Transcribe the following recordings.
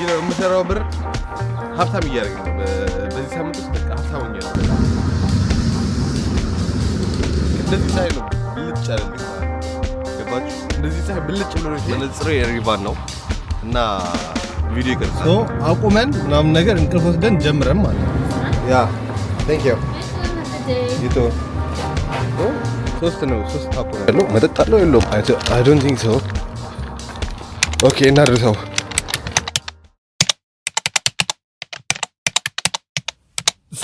የምሰራው ብር ሀብታም እያደረገ ነው። በዚህ ሳምንት ውስጥ በቃ ሀብታም ሆኜ ነው። እንደዚህ ሳይ ነው ብልጭ ያለ ገባችሁ? እንደዚህ ሳይ ብልጭ ብሎ መነጽሮ የሪቫን ነው እና ቪዲዮ ይቀርጻል። አቁመን ምናምን ነገር እንቅልፍ ወስደን ጀምረን ማለት ነው። ያ ቴንክ ሶስት ነው ሶስት ታፖ ያለው መጠጥ የለውም? አይ ዶንት ቲንክ ሶ ኦኬ። እናድርሰው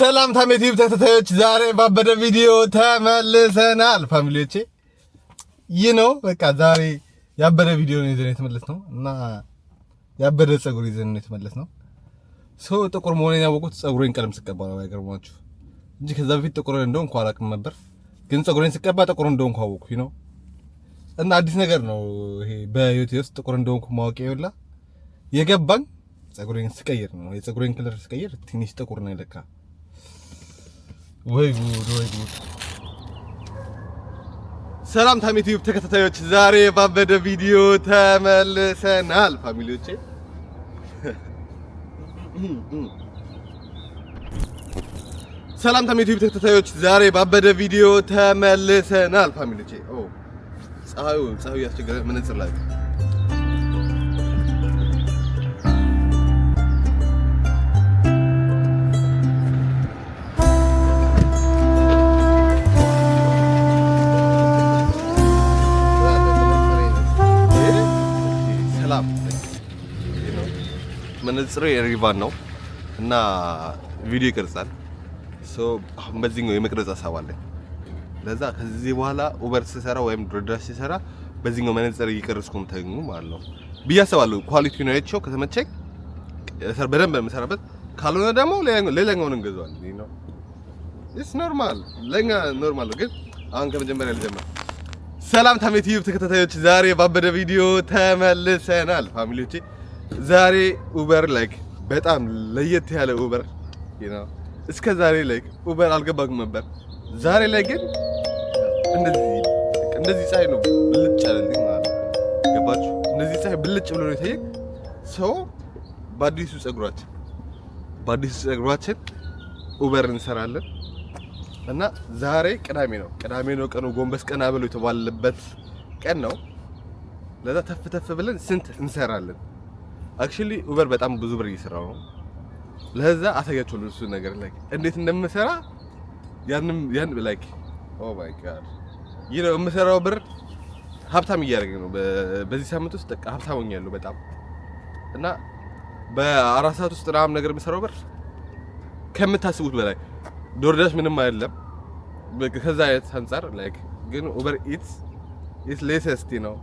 ሰላም ታሜት ዩብ ተከታዮች፣ ዛሬ ባበደ ቪዲዮ ተመልሰናል። ፋሚሊዎቼ ይህ ነው በቃ ዛሬ ያበደ ቪዲዮ ነው ይዘን የተመለስ ነው እና ያበደ ፀጉር ይዘን ነው የተመለስ ነው። ሰው ጥቁር መሆኔን ያወቁት ፀጉሬን ቀለም ስቀባ ነው አይገርማችሁ እንጂ ከዛ በፊት ጥቁር እንደው እንኳን አላውቅም ነበር፣ ግን ፀጉሬን ስቀባ ጥቁር እንደው እንኳን አወቅኩ ነው እና አዲስ ነገር ነው ይሄ በዩቲዩብ ውስጥ ጥቁር እንደው እንኳን ማወቅ ይውላ የገባኝ ፀጉሬን ስቀይር ነው የፀጉሬን ክለር ስቀይር ትንሽ ጥቁር ነው ለካ ወይ ጉድ ወይ ጉድ! ሰላም ታም ዩቲዩብ ተከታታዮች፣ ዛሬ ባበደ ቪዲዮ ተመልሰናል ፋሚሊዎቼ። ሰላም ታም ዩቲዩብ ተከታታዮች፣ ዛሬ ባበደ ቪዲዮ ተመልሰናል ፋሚሊዎቼ። ፀሐዩ ፀሐዩ ያስቸገረ መነጽር ላይ ንጽሮ የሪቫን ነው እና ቪዲዮ ይቀርጻል። አሁን በዚህ ነው የመቅረጽ ሀሳብ አለኝ። ለዛ ከዚህ በኋላ ኡበር ሲሰራ ወይም ድርድር ሲሰራ በዚህ ነው መነጽር እየቀረጽኩ የምታገኙ ማለት ነው ብዬ አስባለሁ። ኳሊቲ ነው ያቸው ከተመቸኝ በደንብ የምሰራበት ካልሆነ ደግሞ ሌላኛውን እንገዛዋል። ነው ኢትስ ኖርማል ለኛ ኖርማል ነው። ግን አሁን ከመጀመሪያ ልጀምር። ሰላም ታሜት ዩቲዩብ ተከታታዮች ዛሬ ባበደ ቪዲዮ ተመልሰናል ፋሚሊዎቼ ዛሬ ኡበር ላይክ በጣም ለየት ያለ ኡበር ነው። እስከ ዛሬ ላይክ ኡበር አልገባኩም ነበር። ዛሬ ላይ ግን እንደዚህ ፀሐይ ነው ብልጭ ያለ ገባችሁ? እንደዚህ ፀሐይ ብልጭ ብሎ ነው የታየኝ። ሰው በአዲሱ ፀጉራችን በአዲሱ ፀጉራችን ኡበር እንሰራለን እና ዛሬ ቅዳሜ ነው ቅዳሜ ነው ቀኑ ጎንበስ ቀና ብሎ የተባለበት ቀን ነው። ለዛ ተፍ ተፍ ብለን ስንት እንሰራለን አክቹሊ ኡበር በጣም ብዙ ብር እየሰራው ነው። ለዛ አሳያችኋለሁ እሱ ነገር ላይ እንዴት እንደምሰራ ያንም ያን ላይክ ኦ ማይ ጋድ ይህ ነው የምሰራው ብር ሀብታም እያደረገኝ ነው። በዚህ ሳምንት ውስጥ በቃ ሀብታም ሆኛለሁ በጣም እና በአራት ሰዓት ውስጥ ምናምን ነገር የምሰራው ብር ከምታስቡት በላይ ዶርዳሽ ምንም አይደለም። ከዛ አይነት አንጻር ላይክ ግን ኡበር ኢትስ ኢትስ ሌሰስቲ ነው።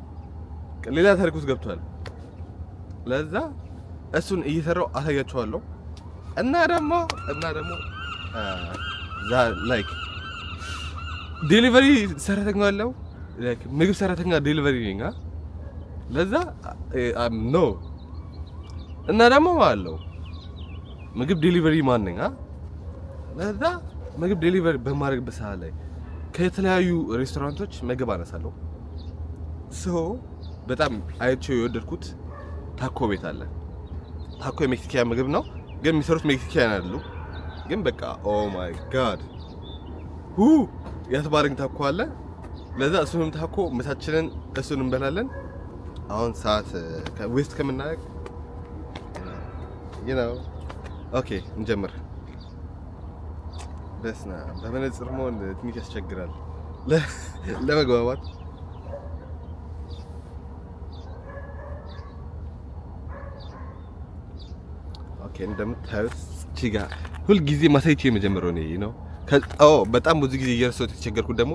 ሌላ ታሪክ ውስጥ ገብቷል። ለዛ እሱን እየሰራው አሳያችኋለሁ። እና ደግሞ እና ደግሞ ላይክ ዴሊቨሪ ሰራተኛ አለው ላይክ ምግብ ሰራተኛ ዴሊቨሪ ነኝ። ለዛ አም ኖ እና ደግሞ ማለው ምግብ ዴሊቨሪ ማን ነኛ። ለዛ ምግብ ዴሊቨሪ በማድረግበት ሰዓት ላይ ከተለያዩ ሬስቶራንቶች ምግብ አነሳለሁ። ሶ በጣም አይቼው የወደድኩት ታኮ ቤት አለ። ታኮ የሜክሲካን ምግብ ነው፣ ግን የሚሰሩት ሜክሲካን አሉ። ግን በቃ ኦ ማይ ጋድ ሁ ያስባረኝ ታኮ አለ። ለዛ እሱንም ታኮ ምሳችንን እሱን እንበላለን። አሁን ሰዓት ዌስት ከምናደርግ ነው። ኦኬ እንጀምር። በስና በመነጽር መሆን ትንሽ ያስቸግራል ለመግባባት ኦኬ እንደምታዩት እቺ ጋር ሁልጊዜ ማሳይቼ የመጀመሪያው ነው ነው። በጣም ብዙ ጊዜ እየረሳሁት የተቸገርኩት ደግሞ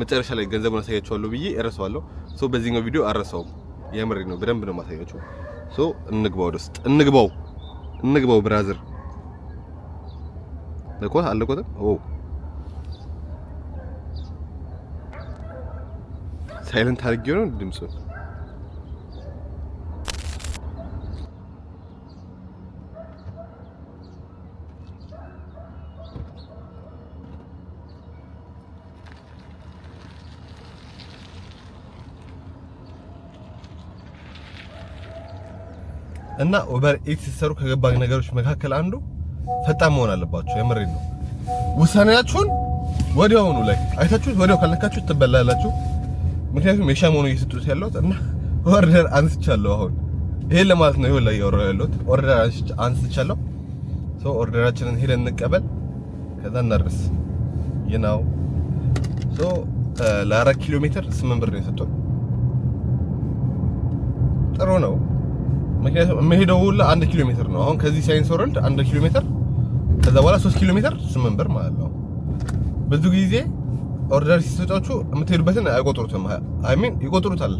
መጨረሻ ላይ ገንዘቡን አሳያችኋለሁ ብዬ እረሳዋለሁ። ሶ በዚህኛው ቪዲዮ አረሳውም። የምሬ ነው፣ በደንብ ነው ማሳያችሁ። ሶ እንግባው፣ ወደ ውስጥ እንግባው፣ እንግባው ብራዘር። ለቆ አለቆት ኦ ሳይለንት አድርጌው ነው ድምፁን እና ኦቨር ኢትስ ሲሰሩ ከገባኝ ነገሮች መካከል አንዱ ፈጣን መሆን አለባችሁ። የምሬን ነው። ውሳኔያችሁን ወዲያውኑ ላይ አይታችሁት ወዲያው ካልነካችሁት ትበላላችሁ። ምክንያቱም የሻ መሆኑ እየሰጡት ያለሁት እና ኦርደር አንስቻለሁ። አሁን ይሄን ለማለት ነው ይሁን ላይ ያወራ ያለሁት ኦርደር አንስቻለሁ። ሶ ኦርደራችንን ሄደን እንቀበል፣ ከዛ እናድርስ። ይናው ሶ ለአራት ኪሎ ሜትር ስምንት ብር ነው የሰጡት። ጥሩ ነው። ምክንያቱም የምሄደው ሁላ አንድ ኪሎ ሜትር ነው። አሁን ከዚህ ሳይንስ ወረድ አንድ ኪሎ ሜትር ከዛ በኋላ ሶስት ኪሎ ሜትር ስምንት ብር ማለት ነው። ብዙ ጊዜ ኦርደር ሲሰጣችሁ የምትሄዱበትን አይቆጥሩትም። አይ ሚን ይቆጥሩታል።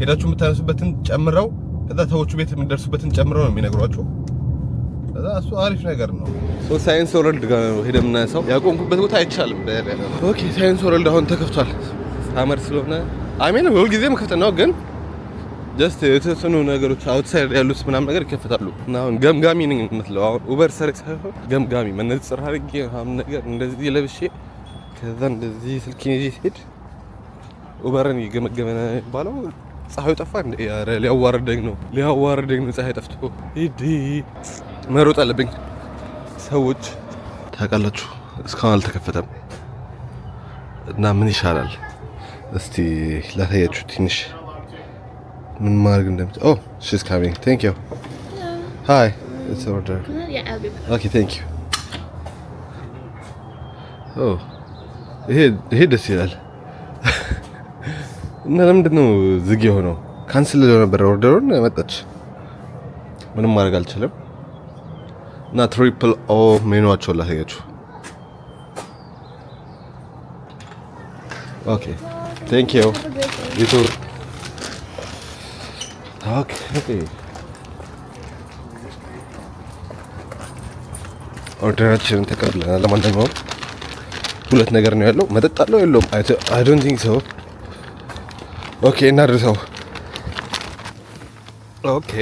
ሄዳችሁ የምታነሱበትን ጨምረው ከዛ ሰዎቹ ቤት የምትደርሱበትን ጨምረው ነው የሚነግሯችሁ። ከዛ እሱ አሪፍ ነገር ነው። ሶ ሳይንስ ጋር ነው ሄደን የምናነሳው። ያቆምኩበት ቦታ አይቻልም። ኦኬ ሳይንስ አሁን ተከፍቷል። ሳመር ስለሆነ አይ ሚን ሁልጊዜም ክፍት ነው ግን ጀስት የተወሰኑ ነገሮች አውትሳይድ ያሉት ምናም ነገር ይከፈታሉ። እና አሁን ገምጋሚ ነኝ የምትለው አሁን ኡበር ሰሪ ሳይሆን ገምጋሚ መነጽር አድርጌ ምናምን ነገር እንደዚህ ለብሼ ከዛ እንደዚህ ስልኬን ይዤ ሲሄድ ኡበርን እየገመገመ ነው የሚባለው። ፀሐዩ ጠፋ እንደ ኧረ ሊያዋርደኝ ነው ሊያዋርደኝ ነው ፀሐይ ጠፍቶ ሂድ መሮጥ አለብኝ። ሰዎች ታውቃላችሁ እስካሁን አልተከፈተም እና ምን ይሻላል እስቲ ላሳያችሁ ትንሽ ምን ማድረግ እንደምት ኦ ሺስ ካሚንግ ቴንክ ዩ ሃይ ኢትስ ኦርደር ኦኬ ቴንክ ዩ ኦ ይሄ ይሄ ደስ ይላል። እና ለምንድን ነው ዝግ የሆነው? ካንስል ለው ነበር ኦርደሩን። መጣች ምንም ማድረግ አልችልም። እና ትሪፕል ኦ ሜኑዋቸውን ላሳያችሁ። ኦኬ ቴንክ ዩ ዩቱብ Okej. ኦርደራችንን ተቀብለናል። ለማንኛውም ሁለት ነገር ነው ያለው። መጠጥ አለው የለውም? አይ ዶንት ቲንክ ሶ። ኦኬ እናድርሰው። ኦኬ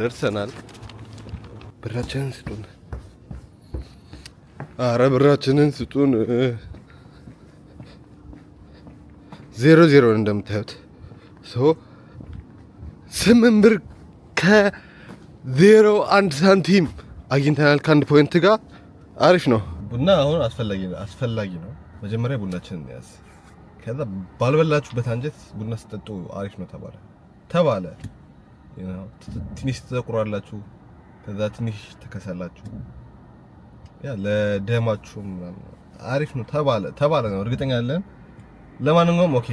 ደርሰናል። ብራችንን ስጡን! አረ ብራችንን ስጡን! ዜሮ ዜሮን እንደምታዩት ሰው ስምንት ብር ከዜሮ አንድ ሳንቲም አግኝተናል ከአንድ ፖይንት ጋር አሪፍ ነው። ቡና አሁን አስፈላጊ አስፈላጊ ነው። መጀመሪያ ቡናችን እንያዝ። ከዛ ባልበላችሁበት አንጀት ቡና ስጠጡ አሪፍ ነው ተባለ ተባለ። ትንሽ ትጠቁራላችሁ፣ ከዛ ትንሽ ትከሳላችሁ። ያ ለደማችሁ አሪፍ ነው ተባለ ተባለ ነው እርግጠኛ አለን። ለማንኛውም ኦኬ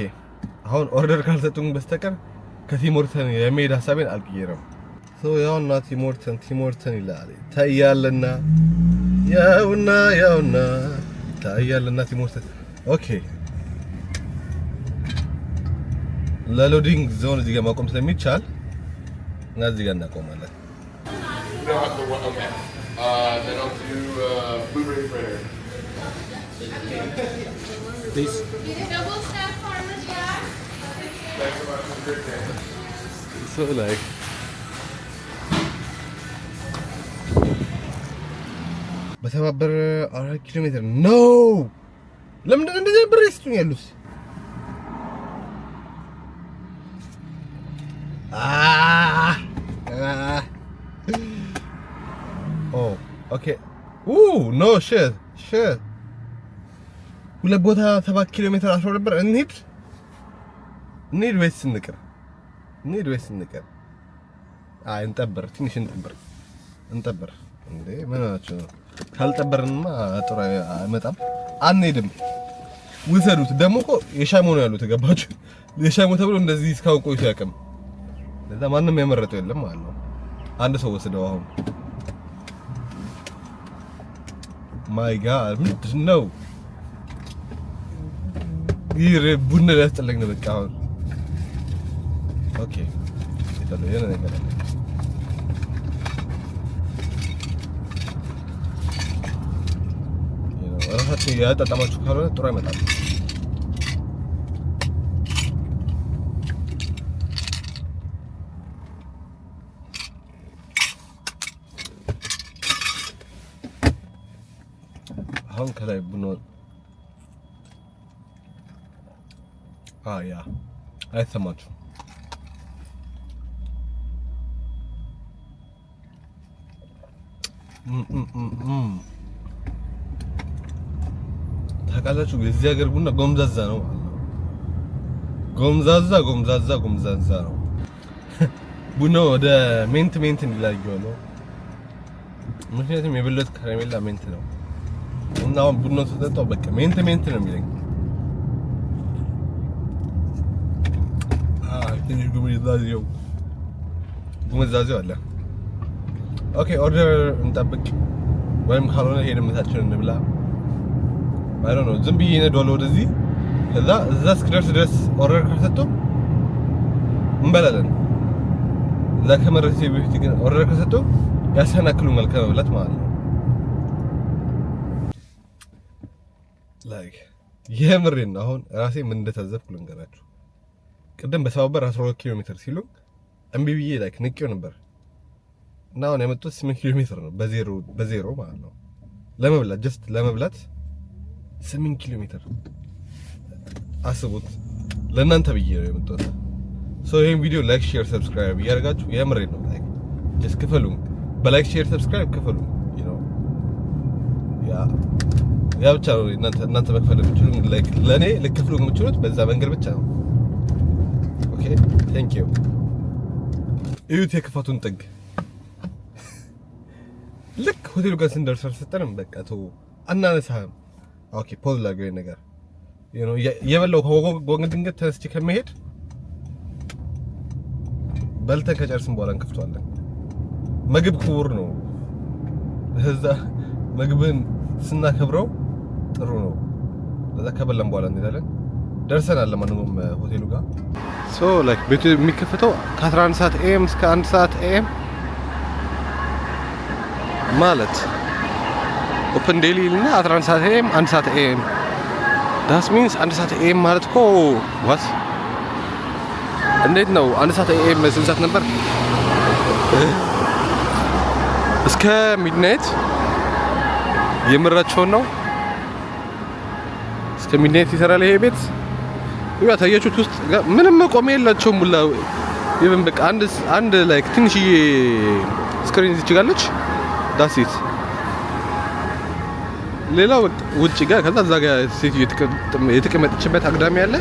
አሁን ኦርደር ካልሰጡኝ በስተቀር ከቲሞርተን የመሄድ ሀሳቤን አልቀየረም። ያውና ቲሞርተን ቲሞርተን ይላል ታያለና፣ ያውና ያውና ይታያልና ቲሞርተን። ኦኬ ለሎዲንግ ዞን እዚህ ጋር ማቆም ስለሚቻል እና እዚህ ጋር እናቆማለን። Thanks so much. Have a great like. በተባበረ አራት ኪሎ ሜትር ነው። ለምንድን እንደዚህ ነበር ይስጡኝ ያሉት? ኖ ሁለት ቦታ ሰባት ኪሎ ሜትር አስሮ ነበር እንሂድ እንሂድ ወይስ እንቅር? እንሂድ ወይስ እንቅር? አይ እንጠብር፣ ትንሽ እንጠብር፣ እንጠብር። እንዴ ምን ሆናችሁ? ካልጠበርንማ ጥሩ አይመጣም። አንሄድም። ውሰዱት። ደግሞ እኮ የሻሞ ነው ያሉት። ገባችሁ? የሻሞ ተብሎ እንደዚህ እስካሁን ቆይቶ ያውቅም። ለዛ ማንም ያመረጠው የለም ማለት ነው። አንድ ሰው ወስደው አሁን ማይ ጋድ ምንድን ነው ይሄ? ቡና ሊያስጠላኝ ነው በቃ አሁን Ok. Está lloviendo de cara. Esas actividades tratamos de chocarlo en el toro de metal. 한칼에 문어 아야 아이스 맞춤 ታውቃላችሁ፣ የዚህ ሀገር ቡና ጎምዛዛ ነው። ጎምዛዛ ጎምዛዛ ጎምዛዛ ነው ቡና ወደ ሜንት ሜንት እንዲላየው ነው። ምክንያቱም የበለጠ ከረሜላ ሜንት ነው እና አሁን ቡና ስጠጣው በቃ ሜንት ሜንት ነው የሚለኝ። ትንሽ ጉምዛዜው ጉምዛዜው አለ። ኦኬ ኦርደር እንጠብቅ ወይም ካልሆነ ሄደን ምሳችንን እንብላ። አይ ነው ዝም ብዬ እነዳለሁ ወደዚህ እዛ እዛ እስክደርስ ድረስ ኦርደር ከሰጡ እንበላለን። እዛ ከመድረሴ በፊት ግን ኦርደር ከሰጡ ያሰናክሉናል ከመብላት ማለት ነው። ላይክ የምሬን ነው። አሁን ራሴ ምን እንደታዘብኩ ልንገራችሁ። ቅድም በሰባበር 12 ኪሎ ሜትር ሲሉ እምቢ ብዬ ላይክ ንቄው ነበር እና አሁን የመጡት ስምንት ኪሎ ሜትር ነው በዜሮ በዜሮ ማለት ነው ለመብላት ጀስት ለመብላት ስምንት ኪሎ ሜትር አስቡት። ለእናንተ ብዬ ነው የመጡት። ሶ ይሄን ቪዲዮ ላይክ፣ ሼር፣ ሰብስክራይብ እያደረጋችሁ የምሬ ነው ላይክ ጀስት ክፈሉ። በላይክ ሼር፣ ሰብስክራይብ ክፈሉ። ዩ ኖ ያ ያ ብቻ ነው እናንተ እናንተ መክፈል የምትችሉ ላይክ ለኔ ልክፍሉ የምትችሉት በዛ መንገድ ብቻ ነው። ኦኬ ቴንክ ዩ። እዩት የክፋቱን ጥግ ልክ ሆቴሉ ጋር ስንደርስ አልሰጠንም። በቃ ተው አናነሳህም። ኦኬ ፖዝ ላገኝ ነገር የበላው ከወገ ድንገት ተነስቼ ከመሄድ በልተን ከጨርስን በኋላ እንከፍተዋለን። ምግብ ክቡር ነው። እዛ ምግብን ስናከብረው ጥሩ ነው። ለዛ ከበላን በኋላ እንሄዳለን። ደርሰናል። ለማንኛውም ሆቴሉ ጋር ሶ ላይክ ቤቱ የሚከፈተው ከ11 ሰዓት ኤም እስከ 1 ሰዓት ኤም ማለት ኦፕን ዴሊ እና 11 ሰዓት ኤም አንድ ሰዓት ኤም ዳስ ሚንስ አንድ ሰዓት ኤም ማለት እኮ ዋት እንዴት ነው? አንድ ሰዓት ኤም ስንት ሰዓት ነበር? እስከ ሚድናይት የምራቸውን ነው። እስከ ሚድናይት ይሰራል ይሄ ቤት። ያታየችሁት ውስጥ ምንም መቆም የላቸውም ሁላ ይብን በቃ አንድ አንድ ላይክ ትንሽዬ ስክሪን ትችላለች። ዳሴት ሌላ ውጭ ጋር ከዛ እዛ ጋር ሴትዮ የተቀመጠችበት አግዳሚ አለ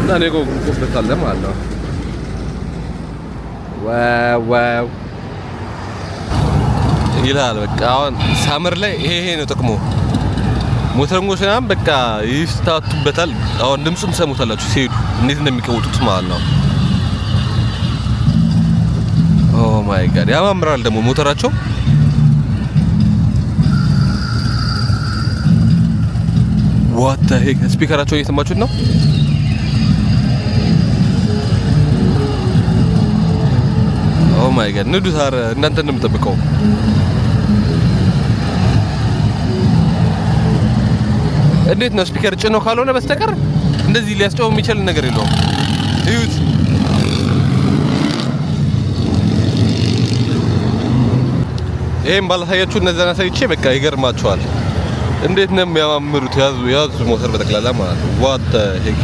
እና እኔ ጎብጎበታለ ማለት ነው። ዋው ይላል በቃ አሁን ሳምር ላይ ይሄ ይሄ ነው ጥቅሙ። ሞተርኞች ምናምን በቃ ይስታቱበታል። አሁን ድምፁን ትሰሙታላችሁ ሲሄዱ እንዴት እንደሚቀውጡት ማለት ነው። ማይ ጋድ ያማምራል። ደግሞ ሞተራቸው ዋታ ሄክ ስፒከራቸው እየሰማችሁት ነው። ኦ ማይ ጋድ ንዱ ታር እናንተ እንደምጠብቀው እንዴት ነው ስፒከር ጭኖ ካልሆነ በስተቀር እንደዚህ ሊያስጨው የሚችል ነገር የለውም። እዩት ይሄን ባላሳያችሁ እነዛን አሳይቼ በቃ ይገርማችኋል። እንዴት ነው የሚያማምሩት! ያዙ ያዙ ሞተር በጠቅላላ ማለት ነው። ዋት ሄግ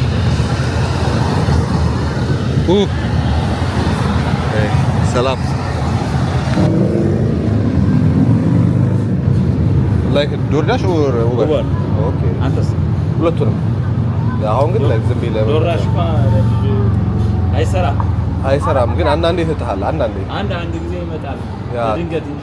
ኡ ሰላም ላይክ ዶር ዳሽ ኦር ኡበር ኦኬ። አንተስ ሁለቱንም። አሁን ግን ላይክ ዝም ብለህ ዶር አይሰራም አይሰራም፣ ግን አንዳንዴ ይሰጥሃል። አንዳንዴ አንድ አንድ ጊዜ ይመጣል ድንገት እንጂ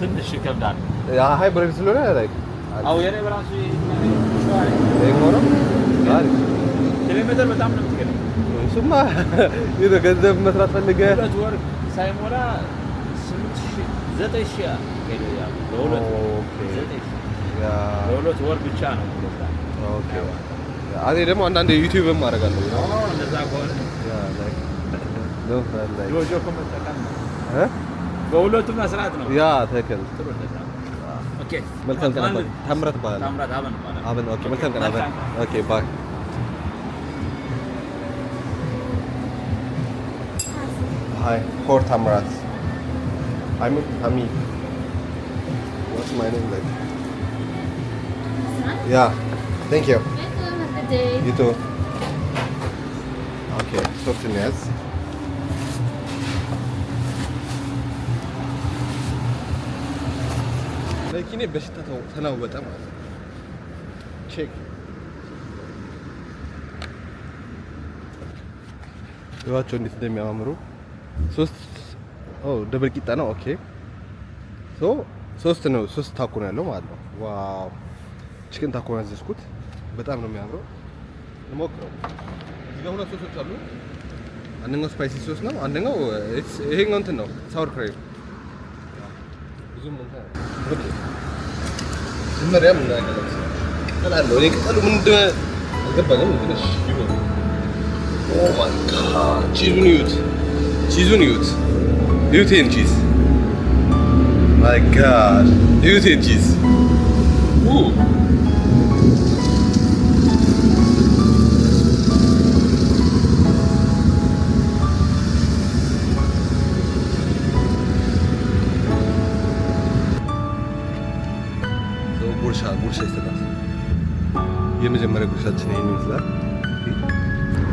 ትንሽ ይከብዳል። ሃይብሪድ ስለሆነ ላይክ አው የኔ በራሱ ኪሎ ኪሎሜትር በጣም ነው የምትገርም። እሱማ ገንዘብ መስራት ፈልገህ ሁለት ወር ሳይሞላ ስምንት ሺህ ዘጠኝ ሺህ ለሁለት ወር ብቻ ነው። እኔ ደግሞ አንዳንዴ ዩቲዩብም አደርጋለሁ። እንደዛ ከሆነ በሁለቱም መስራት ነው። ያ ትክክል። ኦኬ መልካም ቀን አባ። ታምራት ታምራት አበን አበን ኦኬ። መልካም ቀን አበን። ኦኬ Hi, for Tamrat. I'm Hamid. What's my name like? Yeah. Thank you. You too. Okay. So to መኪኔ በሽታ ተናወጠ ማለት ነው። ቼክ ይዋቸው እንዴት እንደሚያማምሩ ሶስት ኦ ደብል ቂጣ ነው። ኦኬ ሶ ሶስት ነው ሶስት ታኮ ነው ያለው ማለት ነው። ዋው ቺክን ታኮ ነው ያዘዝኩት። በጣም ነው የሚያምረው። እንሞክረው። እዚህ ጋር ሁለት ሶሶች አሉ። አንደኛው ስፓይሲ ሶስ ነው። አንደኛው ይሄኛው እንትን ነው ሳውር ክሬም ብዙም እንትን መጀመሪያ ምን አለው እኔ ቅጠሉ ምን እንደ አልገባኝም። ግን ይሁን። ቺዙን ይዩት፣ ቺዙን ይዩት፣ ይዩት ይሄን ቺዝ ማይ ጋድ፣ ይዩት ይሄን ቺዝ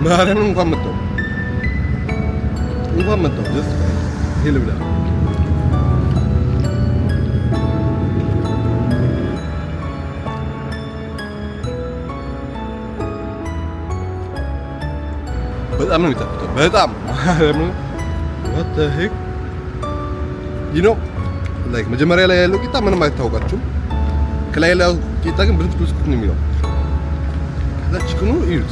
ማርያምን እንኳን መጣሁ እንኳን መጣሁ። ጀስት ይሄ ልብላ በጣም ነው የሚጣፍጠው። በጣም what the heck you know like መጀመሪያ ላይ ያለው ቂጣ ምንም አይታወቃችሁም። ከላይ ያለው ቂጣ ግን ብልት ብልት ነው የሚለው ከዛ ቺክኑ እዩት።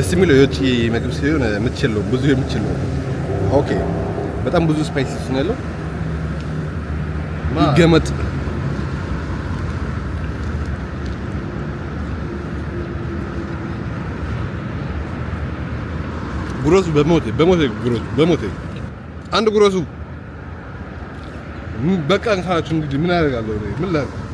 ደስ የሚለው የውጭ ምግብ ሲሆን የምትችል ብዙ የምትችለው ኦኬ በጣም ብዙ ስፓይስ ነው ያለው። ይገመጥ ጉሮሱ በሞቴ በሞቴ ጉሮሱ በሞቴ አንድ ጉሮሱ በቃ እንካችሁ እንግዲህ ምን አደርጋለሁ ምን ላድርግ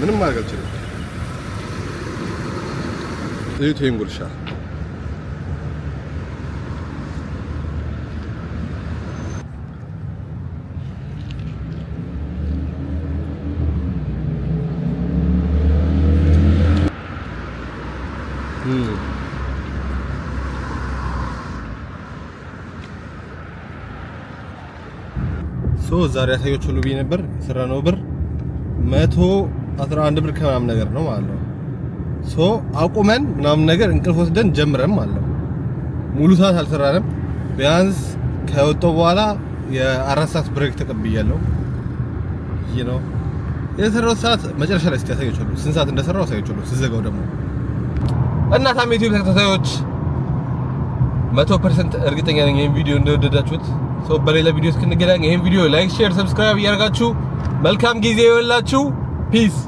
ምንም ማድረግ አልችልም። እዩት ይሄን ጉርሻ ሶ ዛሬ ያሳዮች ሁሉ ብዬ ነበር ነው ብር መቶ 11 ብር ከምናምን ነገር ነው ማለት ነው። ሶ አቁመን ምናምን ነገር እንቅልፍ ወስደን ጀምረን ማለት ነው። ሙሉ ሰዓት አልሰራንም። ቢያንስ ከወጣሁ በኋላ የአራት ሰዓት ብሬክ ተቀብያለሁ። ይህ ነው የሰራው ሰዓት መጨረሻ ላይ እስኪ አሳያችኋለሁ፣ ስንት ሰዓት እንደሰራሁ አሳያችኋለሁ ስዘጋው ደግሞ እና ታም ዩቲዩብ ተከታታዮች 100% እርግጠኛ ነኝ ይሄን ቪዲዮ እንደወደዳችሁት። ሰው በሌላ ቪዲዮ እስክንገናኝ ይሄን ቪዲዮ ላይክ፣ ሼር፣ ሰብስክራይብ እያደርጋችሁ መልካም ጊዜ ይሆንላችሁ። Peace.